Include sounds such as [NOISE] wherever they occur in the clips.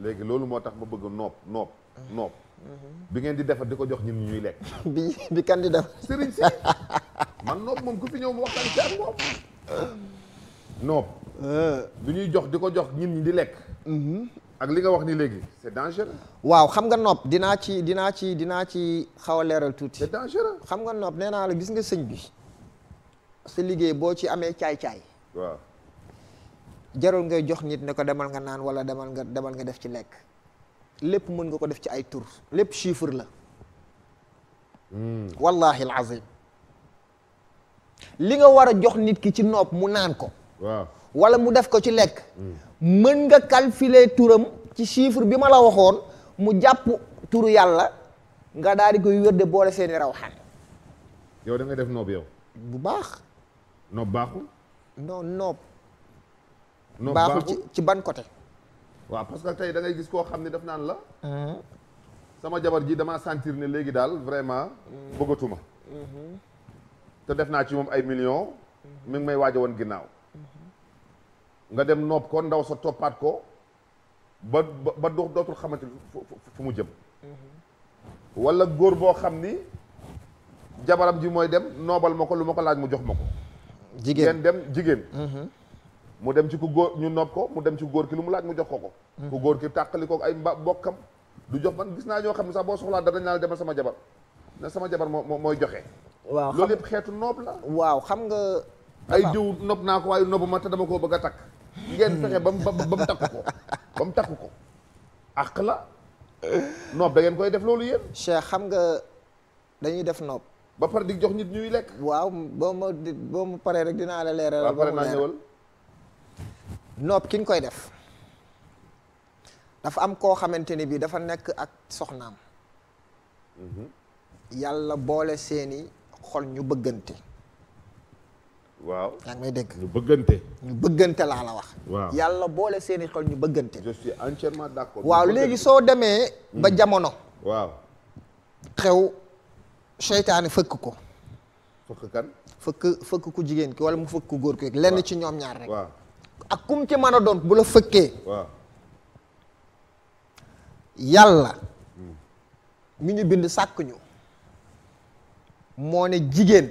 léegi loolu moo tax ma bëgg noob noob noob bi ngeen di defar di ko jox ñun ñuy lekk bi bi kan di def sëriñ si man noob moom ku fi ñëw mu waxtaan ci ak moom noob euh. bi ñuy jox di ko jox ñun ñi di lekk mm-hmm. ak li nga wax ni léegi c'est dangereux waaw xam nga nopp dinaa ci dinaa ci dinaa ci xaw leeral tuuti c'est dangereux xam nga nopp nee naa la gis nga sëñ bi sa liggéey boo ci amee caay-caay waaw jarul ngay jox nit ne ko demal nga naan wala demal nga demal nga def ci lekk lépp mën nga ko def ci ay tur lépp chiffre la hmm. wallahi alazim li nga war a jox nit ki ci nopp mu naan ko waaw wala mu def ko ci lekk hmm. mën nga calculer turam ci chiffre bi ma la waxoon mu jàpp turu yàlla nga daal di koy de boole seeni rawxaan yow da nga def noob yow bu baax noob baaxul non noob baaxul ci ci ban côté. waaw parce que tey da ngay gis koo xam ne daf naan la. sama jabar ji damaa sentir ne léegi daal vraiment. Hmm. bëggatuma. Hmm. te def naa ci moom ay millions. Hmm. mi ngi may waaj woon ginnaaw. nga dem nopp ko ndaw sa toppaat ko ba ba dootul xamante fu mu jëm. wala góor boo xam ni jabaram ji mooy dem noobal ma ko lu ma ko laaj mu jox ma ko. jigéen dem jigéen. mu dem ci ku góor ñu nopp ko mu dem ci góor ki lu mu laaj mu jox ko ko mm-hmm. ku góor ki tàqali ko ay mba bokkam du jox man gis naa ñoo xam ne sax boo soxlaa danañ naa la demal sama jabar na sama jabar moo mooy joxe waaw loolu yëpp xeetu noob la waaw xam nga ay diw nopp naa ko waaye nopp ma te dama koo bëgg a takk ngeen mm. ba mu ba mu takk ko ba mu ko àq la noob da ngeen koy def loolu yéen xam nga dañuy def noob ba pare di jox nit ñuy lekk waaw boo ma boo ma paree rek dinaa la leeral ba pare naa ñëwal nopp ki ñu koy def dafa am koo xamante ni bii dafa nekk ak soxnaam mhm. yàlla boole seeni xol ñu bëggante waaw yaa may dégg ñu bëggante ñu bëggante laa la wax yàlla boole seeni xol ñu bëggante je suis entièrement d'accord waaw léegi soo demee mm. ba jamono waaw xew seytaane fëkk ko fëkk kan fëkk fëkk ku jigéen ki wala mu fëkk ku góor ki rek lenn ci ñoom ñaar rek waaw ak kum ci mën a doon bu la fëkkee yàlla mi ñu bind sàkk ñu moo ne jigéen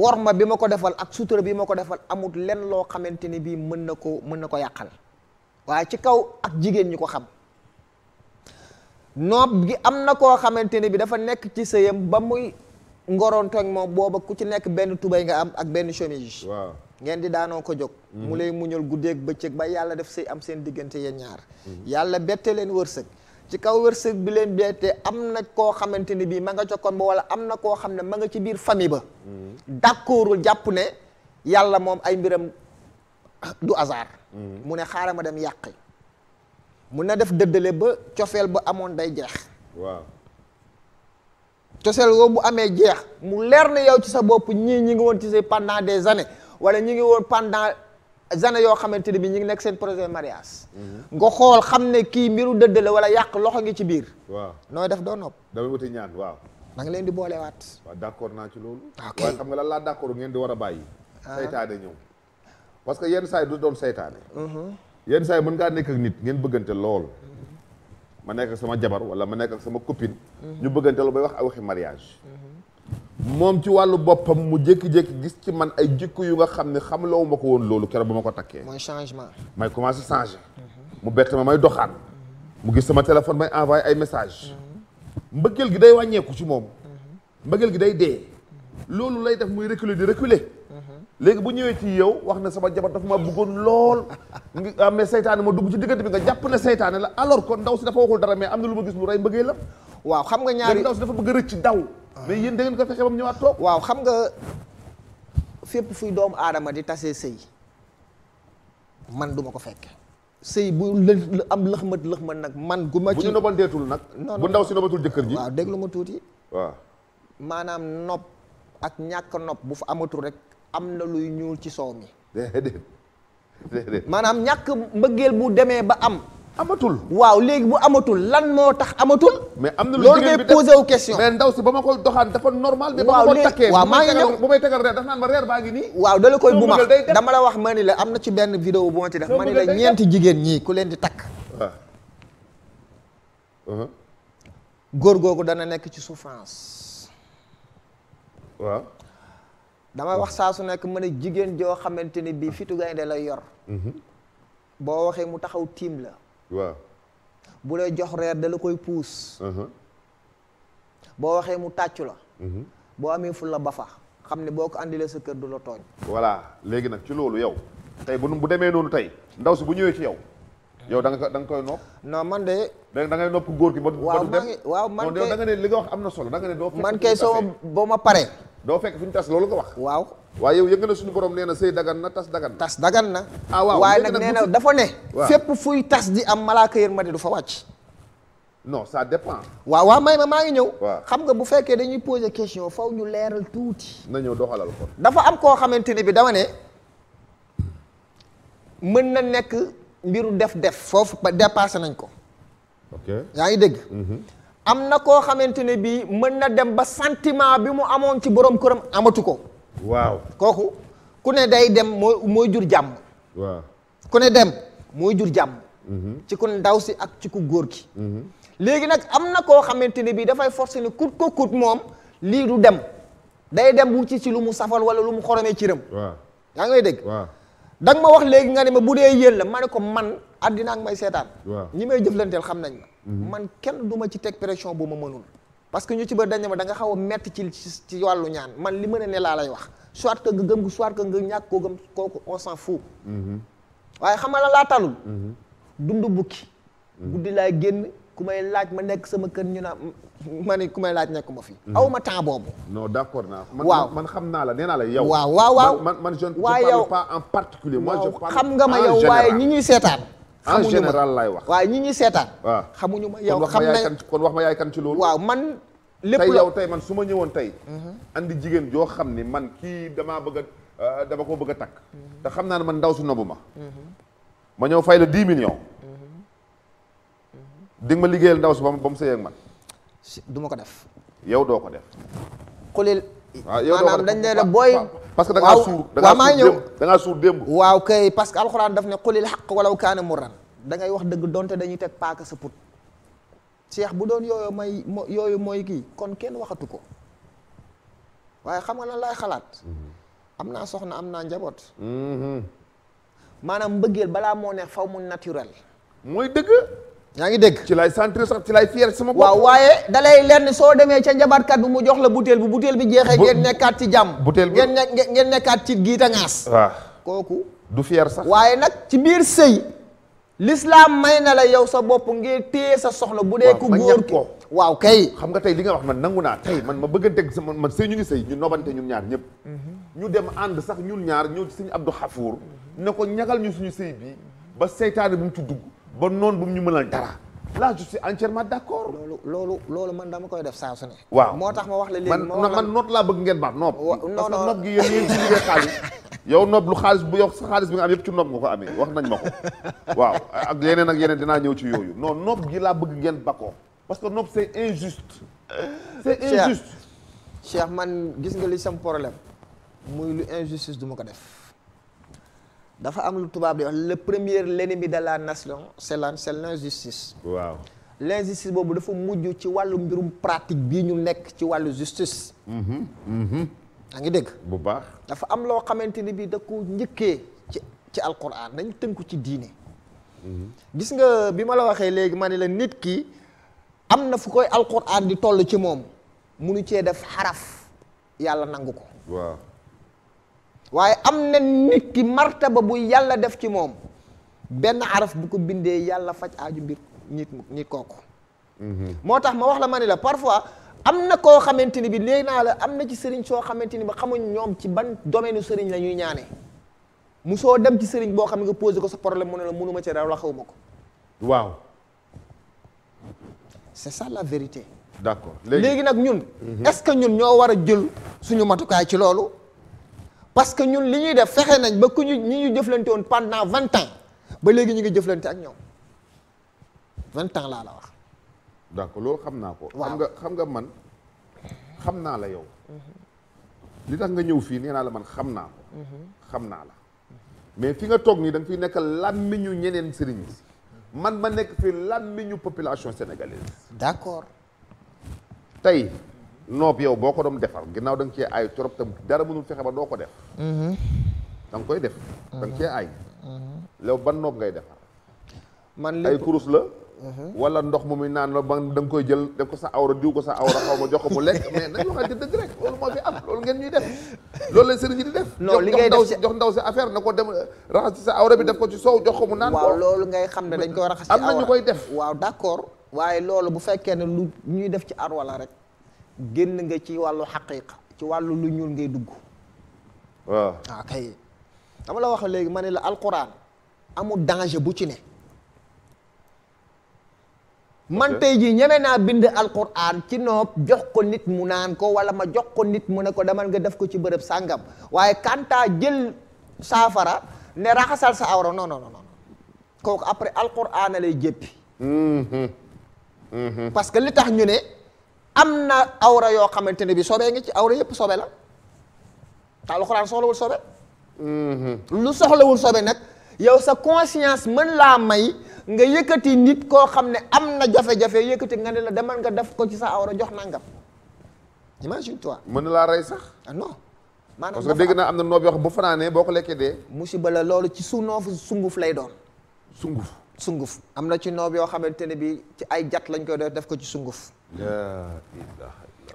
worma bi ma ko defal ak sutura bi ma ko defal amut lenn loo xamante ni bii mën na ko mën na ko yàqal waaye ci kaw ak jigéen ñi ko xam noob gi am na koo xamante ni bi dafa nekk ci sëyam ba muy ngorontooñ moom booba ku ci nekk benn tubéy nga am ak benn chemise ngeen di daanoo ko jóg mm-hmm. mu lay muñal guddeeg bëccëg ba yàlla def sëy am seen diggante yeen ñaar mm-hmm. yàlla bette leen wërsëg ci kaw wërsëg bi leen bettee am na koo xamante ne bii ma nga jokkoon ba wala am na koo xam ne ma nga ci biir famille ba mm-hmm. d'accordul jàpp ne yàlla moom ay mbiram du hasard mu ne xaaral ma dem yàqi mun na def dëddale ba cofeel ba amoon day jeex waaw cofeel woo bu amee jeex mu leer na yow ci sa bopp ñii ñi ngi woon ci sa pendant des années wala ñu ngi woon pendant années yoo xamante ne bi ñu ngi nekk seen projet mariage. nga xool xam ne kii mbiru dëdd la wala yàq loxo ngi ci biir. waaw nooy def doo nopp. damay wuti ñaan waaw. da leen di boolewaat. waaw d' naa ci loolu. ok waaye xam nga lan laa d' accord ngeen di war a bàyyi. Ah. saytaane ñëw parce que yenn saa yi du doon saytaane. Mhm. yenn saa yi mën ngaa nekk ak nit ngeen bëggante lool. ma nekk ak sama jabar wala ma nekk ak sama copine. Mhm. ñu bëggante lool bay wax ay waxi mariage. Mhm. moom ci wàllu boppam mu jékki-jékki gis ci man ay jikko yu nga xam ne xamloo ma ko woon loolu keroog bu ma ko takkee. mooy changement. may commencé changer. mu bett ma may doxaan. mu gis sama téléphone ba envoyé ay message mbëggeel gi day wàññeeku ci moom. mbëggeel gi day dee. loolu lay def muy reculer di reculer. léegi bu ñëwee ci yow wax na sama jabar dafa ma bëggoon lool. nga ah, mais seytaane ma dugg ci diggante bi nga jàpp ne seytaane la alors que ndaw si am na lu ma gis lu rey mbëggeel la. waaw xam nga ñaari ndaw dafa bëgg rëcc daw. mais yéen da ngeen ko waaw xam nga fépp fuy doomu aadama di tasee sëy man duma ko fekk. sëy bu lë am lëxmat lëxmat nag man. gu ma ci bu ñu deetul nag. bu ndaw si nobatul jëkkër ji. waaw déglu ma tuuti. waaw maanaam nopp ak ñàkk nopp bu fa amatul rek am na luy ñuul ci soow mi. déedéet maanaam ñàkk mbëggeel bu demee ba am. amatul waaw léegi bu amatul lan moo tax amatul. mais am na lu loolu ngay posé wu question. mais ndaw si ba ma ko doxaan dafa normal. mais ba ma ko takkee waaw maa ngi ñëw bu may tegal reer dafa naan ma reer baa waaw da koy bu ma dama la wax ma ni la am na ci benn vidéo bu ma ci ma ni la ñeenti jigéen ñii ku leen di takk. waaw. Uh-huh. Uh-huh. góor googu dana nekk ci souffrance. waaw. dama wax saa su nekk ma ne jigéen joo xamante ni bii fitu gaynde lay yor. Mm-hmm. boo waxee mu taxaw tiim la. waaw bu lay jox reer da la koy puus uh-huh. boo waxee mu tàccu la uh-huh. boo amee ful la ba fa xam ne boo ko àndilee sa kër du la tooñ voilà léegi nag ci loolu yow tey bu nu bu demee noonu tey ndaw si bu ñëwee ci yow yow da nga da nga koy nopp non man de da ngay nopp góor gi ba waaw man waaw man de da nga ne li nga wax am na solo da ne doo man kay soo boo ma pare doo fekk fi ñu tas loolu nga wax. waaw waaye yow yëg na suñu borom nee na sëy dagan na tas dagan na. tas dagan na. ah waaye nag nee na dafa ne. fépp fuy tas di am malaaka yërmande du fa wàcc. non ça dépend. waaw waa may ma maa ngi ñëw. xam nga bu fekkee dañuy poser question faw ñu leeral tuuti. na ñëw doxalal ko. dafa am koo xamante ne bi dama ne mën na nekk mbiru def-def. foofu ba dépassé nañ ko. yaa ngi dégg. Mm-hmm. am na koo xamante ne bii mën na dem ba sentiment bi mu amoon ci borom këram amatu ko. waaw kooku ku ne day dem mooy mooy jur jàmm. ku ne dem mooy jur jàmm. Mm-hmm. ci ku ndaw si ak ci ku góor ki mm-hmm. léegi nag am na koo xamante ne bii dafay forcé ni kut ko kut moom lii du dem day dem wu ci ci lu mu safal wala lu mu xoromee ci rëm. yaa ngi may dégg. waaw ma wax léegi nga ne ma bu dee yéen la ma ne ko man. àddina ak may seetaan ñi may jëflanteel xam nañ mhm. man kenn du ma ci teg pression bu ma mënul parce que ñu ci ba dañ ma da nga xaw a metti ci ci wàllu ñaan man li mën a ne laa lay wax soit que nga gëm ko soit que nga ñàkk koo gëm kooku on s'en fout mhm. waaye xam nga la laa mhm. dund bukki guddi laay génn ku may laaj ma nekk sama kër ñu naan [LAUGHS] ma ne ku may laaj nekk ma fi. aw ma temps boobu. non d' accord naa. waaw man xam naa la nee naa la yow. waaw waaw man man je ne parle pas en particulier. moi je xam nga ma waaye ñi ñuy seetaan. en général laay wax waaw ñi ñuy seetaan. waaw xamuñu ma yow xam nañ kon wax ma yaay kan ci loolu. waaw man. lépp tey yow tey man su ma ñëwoon tey. Mhm. andi jigéen joo xam ni man kii damaa bëgg a euh, dama ko bëgg a takk. Mhm. te xam naa ne man ndaw su nobu ma. Mhm. ma ñëw fay la dix millions. di ma liggéeyal ndaw si ba mu sëyee ak man. du ko def. yow doo ko def. xulil. waaw ah, yow doo ko def maanaam dañ ne booy parce que da ngaa suur waaw maa ñëw démb waaw kay parce que alxuraan daf ne xulil xaq walaw kaana murran da dangay wax dëgg donte dañuy teg paaka sa put cheikh bu doon yooyu may yooyu mooy kii kon kenn waxatu ko waaye xam nga lan laay xalaat mm-hmm. am naa soxna am naa njaboot mm-hmm. maanaam mbëggeel balaa moo neex faw mu naturel mooy dëgg yaa ngi dégg ci lay centré sax ci lay fier sama bopp waaw waaye dalay lenn soo demee ca njabaatkat bi mu jox la butéel bu butéel bi jeexee ngeen nekkaat ci jàmm butéel bi ngeen ne ngeen nekkaat ci giita ŋaas waaw kooku du fier sax waaye nag ci biir sëy l'islam may na la yow sa bopp ngir téye sa soxla bu dee ku góor ko waaw kay xam nga tey li nga wax man nangu naa tey man ma bëgg a bëgganteeg sama man sëy ñu ngi sëy ñu nobante ñun ñaar ñëpp mhm. ñu dem ànd sax ñun ñaar ñëw ci sëñ Abdou Xafour ne ko ñagal ñu suñu sëy bi ba seytaane bu mu ci dugg ba noon bu ñu mën a dara. la je suis entièrement d' accord. loolu loolu loolu man dama koy def saa su waaw moo tax ma wax la léegi man man noot laa bëgg ngeen baat nopp. parce que nopp gi yéen yéen ci [LAUGHS] nopp lu xaalis bu yow sa xaalis bi nga am yëpp ci nopp nga ko amee wax nañ ma ko waaw ak yeneen ak yeneen dinaa ñëw ci yooyu non nopp gi laa bëgg ngeen bakoo parce que nopp c' est injuste. c' injuste. Cheikh man gis nga li sam problème muy lu injustice du ma ko def. dafa am lu tubaab di wax le premier l'ennemi de la nation c'est la c'est l'injustice waaw l'injustice boobu dafa mujj ci wàllu mbirum pratique bii ñu nekk ci wàllu justice mhm, mhm. yaa ngi dégg bu baax dafa am loo xamante ni bi da ko njëkkee ci ci alquran dañ tënku ci diine mhm. gis nga bi ma la waxee léegi ma ne la nit ki am na fu koy alquran di toll ci moom mu munu cee def xaraf yàlla nangu ko waaye am na nit ki martaba bu yàlla def ci moom benn araf bu ko bindee yàlla faj aaju mbir nit nit kooku mhm. moo tax ma wax la ma ne la parfois am na koo xamante ni bi léegi naa la am na ci sëriñ soo xamante ni xamuñ ñoom ci ban domaine sëriñ la ñuy ñaanee mu soo dem ci sëriñ boo xam ne nga posé ko sa problème mu ne la mënuma ci dara xaw ma ko waaw c'est ça la vérité d'accord léegi nag ñun mhm. est que ñun ñoo war a jël suñu matukaay ci loolu parce que ñun li ñuy def fexe nañ ba ku ñu ñi ñu jëflante woon pendant vingt ans ba léegi ñu ngi jëflante ak ñoom vingt ans laa la wax. d'accord loolu xam naa ko. xam nga xam nga man xam naa la yow. li tax nga ñëw fii nee naa la man xam naa ko. xam naa la mais fi nga toog nii da nga fiy nekk làmmiñu ñeneen sëriñ man ma nekk fi làmmiñu population sénégalaise. d'accord tey. noob yow boo ko doom defar ginnaaw danga nga cee aay trop tam dara mënul fexe ba doo def mhm. da nga koy def da nga mhm. cee mhm. ban noob ngay defar man ay kurus la wala ndox mu muy naan la ba da koy jël def ko sa awra diw ko sa awra xaw ma jox ko mu lekk mais nañ waxante dëgg rek loolu moo fi am loolu ngeen ñuy def loolu la sëriñ yi di def non li ngay def si si affaire na ko dem euh, raxas sa awra bi def ko ci soow jox ko mu naan loolu ngay xam ne dañ koy raxas ci awra am koy def waaw d'accord waaye loolu bu fekkee ne lu ñuy def ci arwala rek génn nga ci wàllu xaqiiqa ci wàllu lu ñuul ngay dugg waaw waaw ah, kay dama la wax léegi ma ne la alquran amul danger bu ci ne man tey jii ñeme naa bind alquran ci noob jox ko nit mu naan ko wala ma jox ko nit mu ne ko demal nga def ko ci bërëb sàngam waaye kanta jël saafara ne raxasal sa awra non non kooku après alquran lay jéppi mm-hmm. Mm-hmm. parce que li tax ñu ne am na awra yoo xamante ne bi sobe ngi ci awra yëpp sobe la te alxuraan soxlawul sobe mm-hmm. lu soxlawul sobe nag yow sa conscience mën laa may nga yëkkati nit koo xam ne am na jafe-jafe yëkkati nga ne la demal nga def ko ci sa awra jox nangam imagine toi mën na laa rey sax ah non maanaam parce que dégg naa am na noob yoo xam bu fanaanee boo ko lekkee dee musiba la loolu ci noofu sunguf lay doon sunguf sunguf am na ci noob yoo xamante ne bi ci ay jat lañ koy def def ko ci sunguf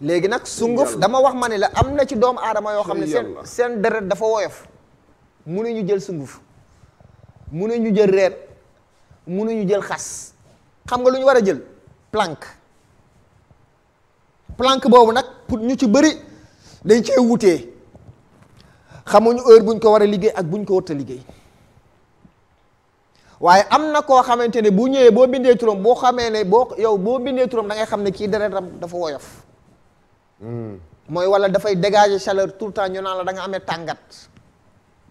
léegi nag sunguf dama wax ma ne la am na ci doomu aadama yoo xam ne seen seen deret dafa woyof mënuñu jël sunguf mu ñu jël reet mënuñu jël xas xam nga lu ñu war a jël plank plank boobu nag pour ñu ci bëri dañ ci cee wutee xamuñu heure buñ ko war a liggéey ak buñ ko warta liggéey waaye am na koo xamante ne bu ñëwee boo bindee turam boo xamee ne boo yow boo bindee turam dangay xam ne kii deretam dafa woyof hmm. mooy wala dafay dégager chaleur tout le temps ñu naan la danga nga amee tàngat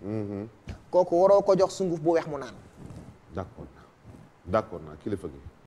hmm. kooku waroo ko jox sunguf bu weex mu naan d'accord d'accord naa kilifa gi